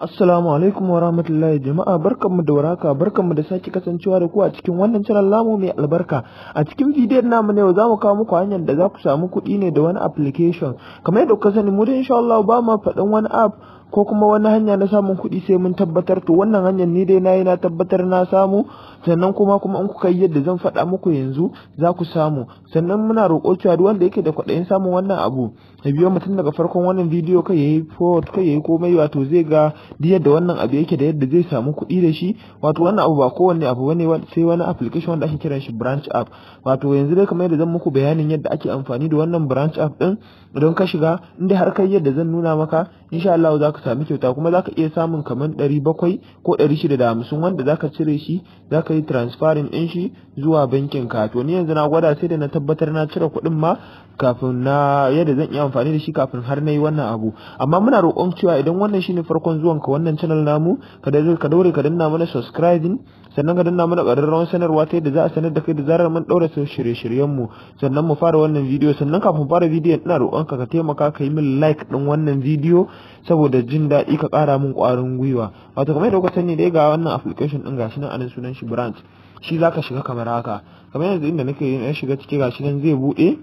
Assalamu alaikum wa rahmatullahi jama'a barkanmu da waraka barkanmu da sake kasancewa da ku a cikin wannan channel lamu mai albarka a cikin bidiyon namu ne za mu kawo muku hanyar da za ku samu kuɗi ne da wani application kamar yadda kuka sani mu da insha Allah ba mu faɗin wani app ko kuma wani hanya na samun kuɗi sai mun tabbatar to wannan hanyar ni dai na yi na tabbatar na samu sannan kuma kuma in kuka yi yadda zan faɗa muku yanzu za ku samu sannan muna roƙo cewa duk wanda yake da kuɗin samun wannan abu ya biyo mutum daga farkon wannan bidiyo kai yayi forward kai yayi komai wato zai ga duk yadda wannan abu yake da yadda zai samu kuɗi da shi wato wannan abu ba kowanne abu bane sai wani application wanda ake kiran shi branch app wato yanzu dai kamar yadda zan muku bayanin yadda ake amfani da wannan branch app din don ka shiga inda har kai yadda zan nuna maka insha Allah za ka ka sami kyauta kuma za ka iya samun kamar ɗari bakwai ko ɗari shida da hamsin wanda za ka cire shi za ka yi transferin ɗin shi zuwa bankin ka to ni yanzu na gwada sai da na tabbatar na cire kuɗin ma kafin na yadda zan iya amfani da shi kafin har na yi wannan abu amma muna roƙon cewa idan wannan shine farkon zuwan ka wannan channel namu ka ka daure ka danna mana subscribing sannan ka danna mana ƙararrawar sanarwa ta yadda za a sanar da kai da zarar mun ɗaura su shirye-shiryen mu sannan mu fara wannan bidiyo sannan kafin fara video ina roƙon ka ka taimaka ka yi min like ɗin wannan bidiyo saboda jin daɗi ka ƙara min ƙwarin gwiwa wato kamar yadda kuka sani dai ga wannan application ɗin gashi nan anan sunan shi branch shi zaka shiga kamar haka kamar yanzu inda nake yin shiga ciki gashi nan zai buɗe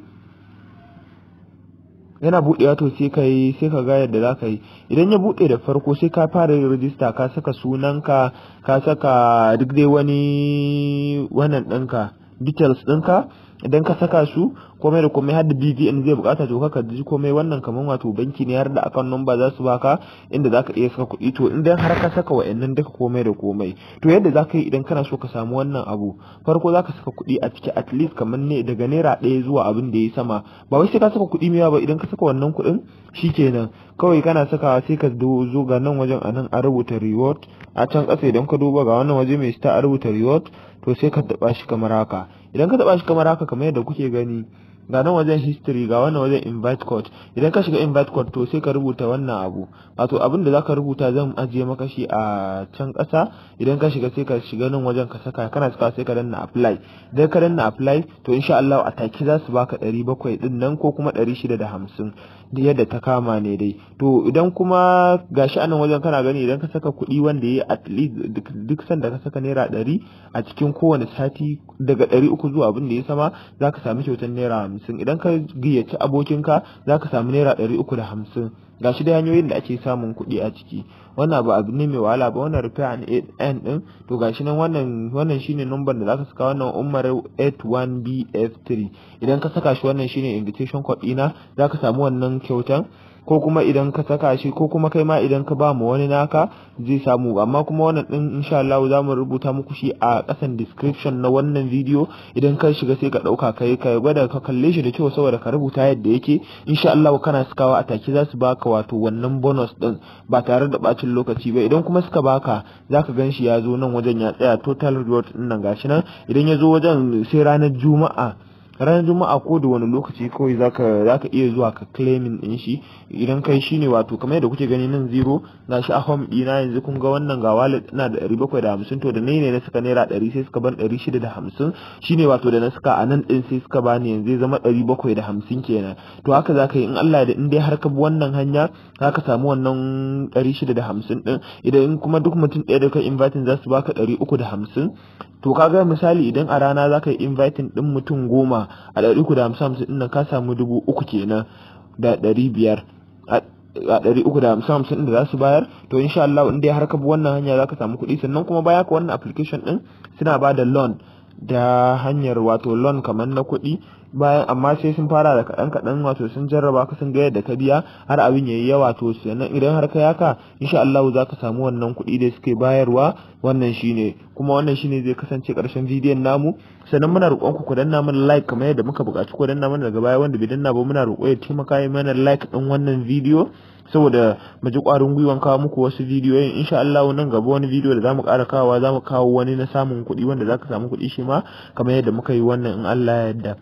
yana buɗewa to sai ka yi sai ka ga yadda za ka yi idan ya buɗe da farko sai ka fara yin rajista ka saka sunanka ka saka duk dai wani wannan ɗinka details ɗinka idan ka saka su komai da komai har da BVN zai bukata to ka ji komai wannan kamar wato banki ne har da akan number za su baka inda zaka iya saka kuɗi to idan har ka saka wa'annan duka komai da komai to yadda zaka yi idan kana so ka samu wannan abu farko zaka saka kuɗi a ciki at least kamar ne daga naira ɗaya zuwa abin da ya sama ba wai sai ka saka kuɗi mai ba idan ka saka wannan kuɗin shikenan kawai kana sakawa sai ka zo ga nan wajen a nan a rubuta reward a can ƙasa idan ka duba ga wannan waje mai star a rubuta reward to sai ka taɓa shi kamar haka idan ka taba shi kamar haka kamar yadda kuke gani ga nan wajen history ga wannan wajen invite code idan ka shiga invite code to sai ka rubuta wannan abu wato abin da zaka rubuta zan ajiye maka shi a can kasa idan ka shiga sai ka shiga nan wajen ka saka kana saka sai ka danna apply idan ka danna apply to insha Allah a take za su baka 700 din nan ko kuma 650 yadda ta kama ne dai to idan kuma gashi anan wajen kana gani idan ka saka kuɗi wanda ya at least duk sanda ka saka naira ɗari a cikin kowane sati daga ɗari uku zuwa abin da ya sama za ka sami kyautar naira hamsin idan ka gayyaci abokinka za ka sami naira ɗari uku da hamsin ga shi da hanyoyin da ake samun kuɗi a ciki wannan ba abu ne mai wahala ba wannan rufe an n din to gashi nan wannan shine number da zaka saka wannan Umar 81BF3 idan ka saka shi wannan shine invitation code ɗina zaka samu wannan kyautan ko kuma idan ka saka shi ko kuma kai ma idan ka ba mu wani naka zai samu amma kuma wannan din insha Allah za mu rubuta muku shi a ƙasan description na wannan video idan ka shiga sai ka ɗauka kai ka gwada ka kalle shi da kyau saboda ka rubuta yadda yake insha Allah kana sakawa a take za su baka wato wannan bonus din ba tare da bacin lokaci ba idan kuma suka baka zaka gan shi ya zo nan wajen ya tsaya total reward din nan gashi nan idan ya zo wajen sai ranar juma'a ranar juma'a ko da wani lokaci kawai zaka zaka iya zuwa ka claiming din shi idan kai shine wato kamar yadda kuke gani nan zero gashi a home dina yanzu kun ga wannan ga wallet ina da 750 to da ne ne na saka naira 100 sai suka ban 650 shine wato da na saka a nan din sai suka bani yanzu zai zama 750 kenan to haka zaka yi in Allah da in dai har ka bi wannan hanya zaka samu wannan 650 din idan kuma duk mutum ɗaya da kai inviting za su baka 350 to kaga misali idan a rana za ka yi inviting ɗin mutum goma a ɗari uku da hamsin hamsin ɗin ka samu dubu uku kenan da ɗari biyar a ɗari uku da hamsin hamsin da za su bayar to insha Allah in dai har ka bi wannan hanya za ka samu kuɗi sannan kuma baya ka wannan application ɗin suna ba da loan da hanyar wato loan kamar na kuɗi bayan amma sai sun fara da kaɗan kaɗan wato sun jarraba ka sun ga yadda ka biya har abin yayi yawa to sannan idan har ka yaka insha Allah za ka samu wannan kuɗi da suke bayarwa wannan shine kuma wannan shine zai kasance ƙarshen bidiyon namu sannan muna roƙon ku ku danna mana like kamar yadda muka buƙaci ku danna mana daga baya wanda bai danna ba muna roƙo ya taimaka mana like ɗin wannan bidiyo saboda mu ji ƙwarin gwiwan kawo muku wasu bidiyoyin insha Allah nan gaba wani bidiyo da zamu ƙara kawowa zamu kawo wani na samun kuɗi wanda zaka samu kuɗi shi ma kamar yadda muka yi wannan in Allah ya yarda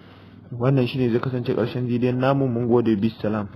wannan shine zai kasance ƙarshen bidiyon namu mun gode bisalam